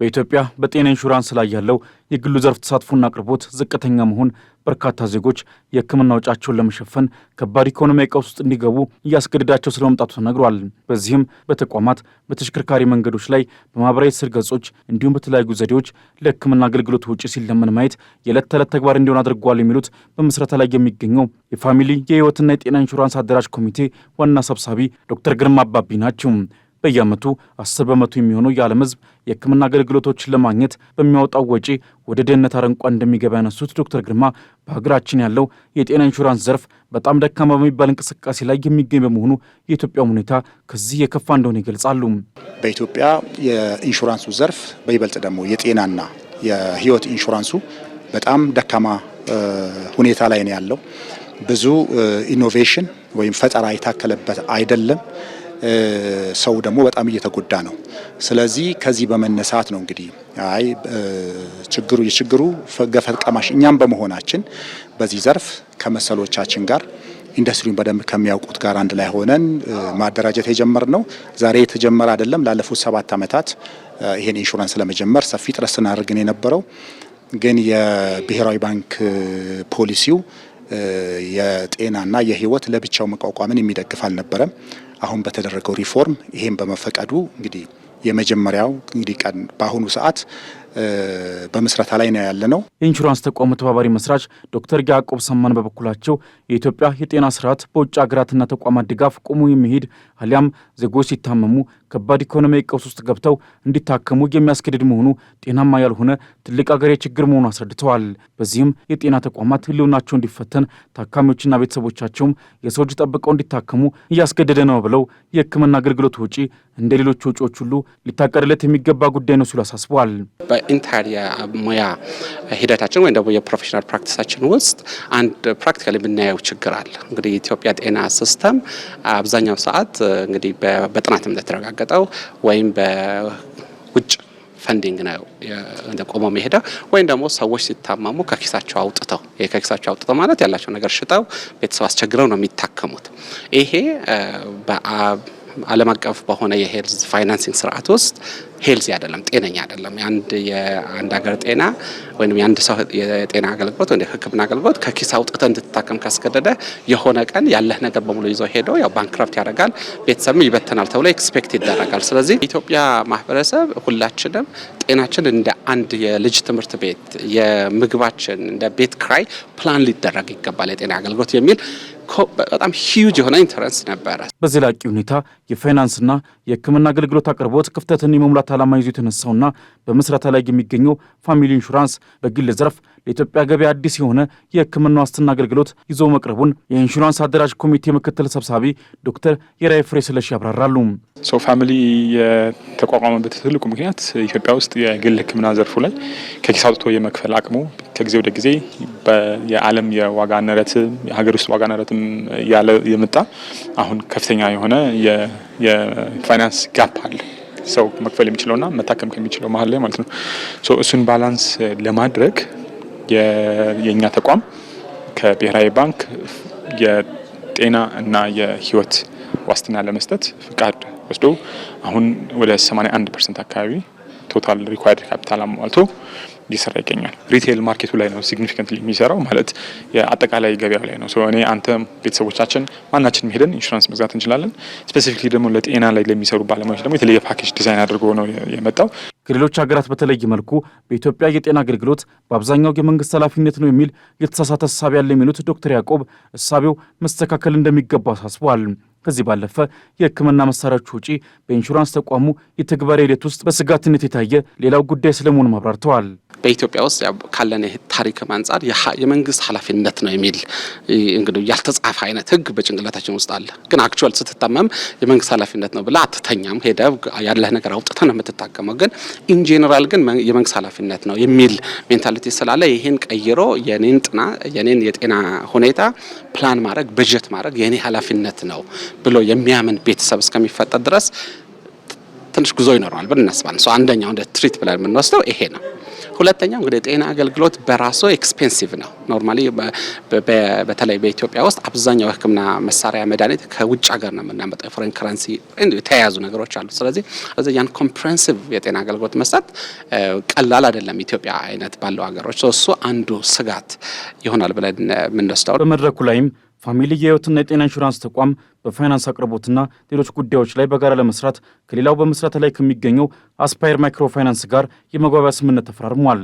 በኢትዮጵያ በጤና ኢንሹራንስ ላይ ያለው የግሉ ዘርፍ ተሳትፎና አቅርቦት ዝቅተኛ መሆን በርካታ ዜጎች የሕክምና ወጫቸውን ለመሸፈን ከባድ ኢኮኖሚያዊ ቀውስ ውስጥ እንዲገቡ እያስገድዳቸው ስለመምጣቱ ተነግሯል። በዚህም በተቋማት፣ በተሽከርካሪ መንገዶች ላይ፣ በማህበራዊ ትስስር ገጾች እንዲሁም በተለያዩ ዘዴዎች ለሕክምና አገልግሎት ውጪ ሲለመን ማየት የዕለት ተዕለት ተግባር እንዲሆን አድርጓል የሚሉት በምስረታ ላይ የሚገኘው የፋሚሊ የህይወትና የጤና ኢንሹራንስ አደራጅ ኮሚቴ ዋና ሰብሳቢ ዶክተር ግርማ አባቢ ናቸው። በየዓመቱ አስር በመቶ የሚሆነው የዓለም ሕዝብ የሕክምና አገልግሎቶችን ለማግኘት በሚያወጣው ወጪ ወደ ድህነት አረንቋ እንደሚገባ ያነሱት ዶክተር ግርማ በሀገራችን ያለው የጤና ኢንሹራንስ ዘርፍ በጣም ደካማ በሚባል እንቅስቃሴ ላይ የሚገኝ በመሆኑ የኢትዮጵያም ሁኔታ ከዚህ የከፋ እንደሆነ ይገልጻሉ። በኢትዮጵያ የኢንሹራንሱ ዘርፍ በይበልጥ ደግሞ የጤናና የህይወት ኢንሹራንሱ በጣም ደካማ ሁኔታ ላይ ነው ያለው። ብዙ ኢኖቬሽን ወይም ፈጠራ የታከለበት አይደለም። ሰው ደግሞ በጣም እየተጎዳ ነው። ስለዚህ ከዚህ በመነሳት ነው እንግዲህ አይ ችግሩ የችግሩ ገፈት ቀማሽ እኛም በመሆናችን በዚህ ዘርፍ ከመሰሎቻችን ጋር ኢንዱስትሪውን በደንብ ከሚያውቁት ጋር አንድ ላይ ሆነን ማደራጀት ነው ዛሬ የተጀመረ አይደለም። ላለፉት ሰባት ዓመታት ይሄን ኢንሹራንስ ለመጀመር ሰፊ ጥረት ስናደርግ የነበረው። ግን የብሔራዊ ባንክ ፖሊሲው የጤናና የሕይወት ለብቻው መቋቋምን የሚደግፍ አልነበረም። አሁን በተደረገው ሪፎርም ይሄን በመፈቀዱ እንግዲህ የመጀመሪያው እንግዲህ ቀን በአሁኑ ሰዓት በምስረታ ላይ ነው ያለ ነው። የኢንሹራንስ ተቋሙ ተባባሪ መስራች ዶክተር ያዕቆብ ሰማን በበኩላቸው የኢትዮጵያ የጤና ስርዓት በውጭ ሀገራትና ተቋማት ድጋፍ ቆሞ የሚሄድ አሊያም ዜጎች ሲታመሙ ከባድ ኢኮኖሚያዊ ቀውስ ውስጥ ገብተው እንዲታከሙ የሚያስገድድ መሆኑ ጤናማ ያልሆነ ትልቅ ሀገር ችግር መሆኑ አስረድተዋል። በዚህም የጤና ተቋማት ህልውናቸው እንዲፈተን፣ ታካሚዎችና ቤተሰቦቻቸውም የሰው እጅ ጠብቀው እንዲታከሙ እያስገደደ ነው ብለው የህክምና አገልግሎት ወጪ እንደ ሌሎች ወጪዎች ሁሉ ሊታቀድለት የሚገባ ጉዳይ ነው ሲሉ አሳስበዋል። በኢንታር የሙያ ሂደታችን ወይም ደግሞ የፕሮፌሽናል ፕራክቲሳችን ውስጥ አንድ ፕራክቲካሊ የምናየው ችግር አለ። እንግዲህ የኢትዮጵያ ጤና ሲስተም አብዛኛው ሰዓት እንግዲህ በጥናትም እንደተረጋገጠው ወይም በውጭ ፈንዲንግ ነው ቆሞ መሄዳ ወይም ደግሞ ሰዎች ሲታመሙ ከኪሳቸው አውጥተው ይሄ ከኪሳቸው አውጥተው ማለት ያላቸው ነገር ሽጠው ቤተሰብ አስቸግረው ነው የሚታከሙት ይሄ ዓለም አቀፍ በሆነ የሄልዝ ፋይናንሲንግ ስርዓት ውስጥ ሄልዚ አይደለም፣ ጤነኛ አይደለም። የአንድ የአንድ ሀገር ጤና ወይም የአንድ ሰው የጤና አገልግሎት ወይም የሕክምና አገልግሎት ከኪስ አውጥተ እንድትታከም ካስገደደ የሆነ ቀን ያለህ ነገር በሙሉ ይዞ ሄዶ ያው ባንክረፕት ያደርጋል፣ ቤተሰብም ይበተናል ተብሎ ኤክስፔክት ይደረጋል። ስለዚህ ኢትዮጵያ ማህበረሰብ ሁላችንም ጤናችን እንደ አንድ የልጅ ትምህርት ቤት የምግባችን እንደ ቤት ክራይ ፕላን ሊደረግ ይገባል የጤና አገልግሎት የሚል በጣም ሂውጅ የሆነ ኢንተረንስ ነበረ። በዚህ ላቂ ሁኔታ የፋይናንስና የሕክምና አገልግሎት አቅርቦት ክፍተትን የመሙላት ዓላማ ይዞ የተነሳውና በምስረታ ላይ የሚገኘው ፋሚሊ ኢንሹራንስ በግል ዘርፍ ለኢትዮጵያ ገበያ አዲስ የሆነ የሕክምና ዋስትና አገልግሎት ይዞ መቅረቡን የኢንሹራንስ አደራጅ ኮሚቴ ምክትል ሰብሳቢ ዶክተር የራይ ፍሬ ስለሽ ያብራራሉ። ሰው ፋሚሊ የተቋቋመበት ትልቁ ምክንያት ኢትዮጵያ ውስጥ የግል ሕክምና ዘርፉ ላይ ከኪስ አውጥቶ የመክፈል አቅሙ ከጊዜ ወደ ጊዜ የዓለም የዋጋ ንረት የሀገር ውስጥ ዋጋ ንረትም ያለ የመጣ አሁን ከፍተኛ የሆነ የፋይናንስ ጋፕ አለ ሰው መክፈል የሚችለውና መታከም ከሚችለው መሀል ላይ ማለት ነው። እሱን ባላንስ ለማድረግ የእኛ ተቋም ከብሔራዊ ባንክ የጤና እና የህይወት ዋስትና ለመስጠት ፍቃድ ወስዶ አሁን ወደ 81 ፐርሰንት አካባቢ ቶታል ሪኳርድ ካፒታል አሟልቶ እየሰራ ይገኛል። ሪቴል ማርኬቱ ላይ ነው ሲግኒፊካንት የሚሰራው ማለት የአጠቃላይ ገበያ ላይ ነው። እኔ አንተ፣ ቤተሰቦቻችን ማናችን ሄደን ኢንሹራንስ መግዛት እንችላለን። ስፔሲፊክሊ ደግሞ ለጤና ላይ ለሚሰሩ ባለሙያዎች ደግሞ የተለየ ፓኬጅ ዲዛይን አድርጎ ነው የመጣው። ከሌሎች ሀገራት በተለየ መልኩ በኢትዮጵያ የጤና አገልግሎት በአብዛኛው የመንግስት ኃላፊነት ነው የሚል የተሳሳተ እሳቤ ያለ የሚሉት ዶክተር ያዕቆብ እሳቤው መስተካከል እንደሚገባ አሳስበዋል። ከዚህ ባለፈ የሕክምና መሳሪያዎች ውጪ በኢንሹራንስ ተቋሙ የተግባሪ ሂደት ውስጥ በስጋትነት የታየ ሌላው ጉዳይ ስለመሆኑ አብራርተዋል። በኢትዮጵያ ውስጥ ካለን ታሪክም አንጻር የመንግስት ኃላፊነት ነው የሚል እንግዲህ ያልተጻፈ አይነት ህግ በጭንቅላታችን ውስጥ አለ። ግን አክቹዋል ስትታመም የመንግስት ኃላፊነት ነው ብላ አትተኛም። ሄደ ያለህ ነገር አውጥተ ነው የምትታከመው። ግን ኢንጄኔራል ግን የመንግስት ኃላፊነት ነው የሚል ሜንታሊቲ ስላለ ይሄን ቀይሮ የኔን ጥና የኔን የጤና ሁኔታ ፕላን ማድረግ በጀት ማድረግ የኔ ኃላፊነት ነው ብሎ የሚያምን ቤተሰብ እስከሚፈጠር ድረስ ትንሽ ጉዞ ይኖረዋል ብለን እናስባለን። አንደኛው እንደ ትሪት ብለን የምንወስደው ይሄ ነው። ሁለተኛው እንግዲህ የጤና አገልግሎት በራሱ ኤክስፔንሲቭ ነው። ኖርማሊ በተለይ በኢትዮጵያ ውስጥ አብዛኛው ሕክምና መሳሪያ መድኃኒት ከውጭ ሀገር ነው የምናመጣው። ፎሬን ከረንሲ የተያያዙ ነገሮች አሉ። ስለዚህ ስለዚህ ያን ኮምፕሬንሲቭ የጤና አገልግሎት መስጠት ቀላል አይደለም፣ ኢትዮጵያ አይነት ባለው ሀገሮች። እሱ አንዱ ስጋት ይሆናል ብለን የምንወስደው በመድረኩ ላይም ፋሚሊ የህይወትና የጤና ኢንሹራንስ ተቋም በፋይናንስ አቅርቦትና ሌሎች ጉዳዮች ላይ በጋራ ለመስራት ከሌላው በመስራት ላይ ከሚገኘው አስፓየር ማይክሮ ፋይናንስ ጋር የመግባቢያ ስምምነት ተፈራርሟል።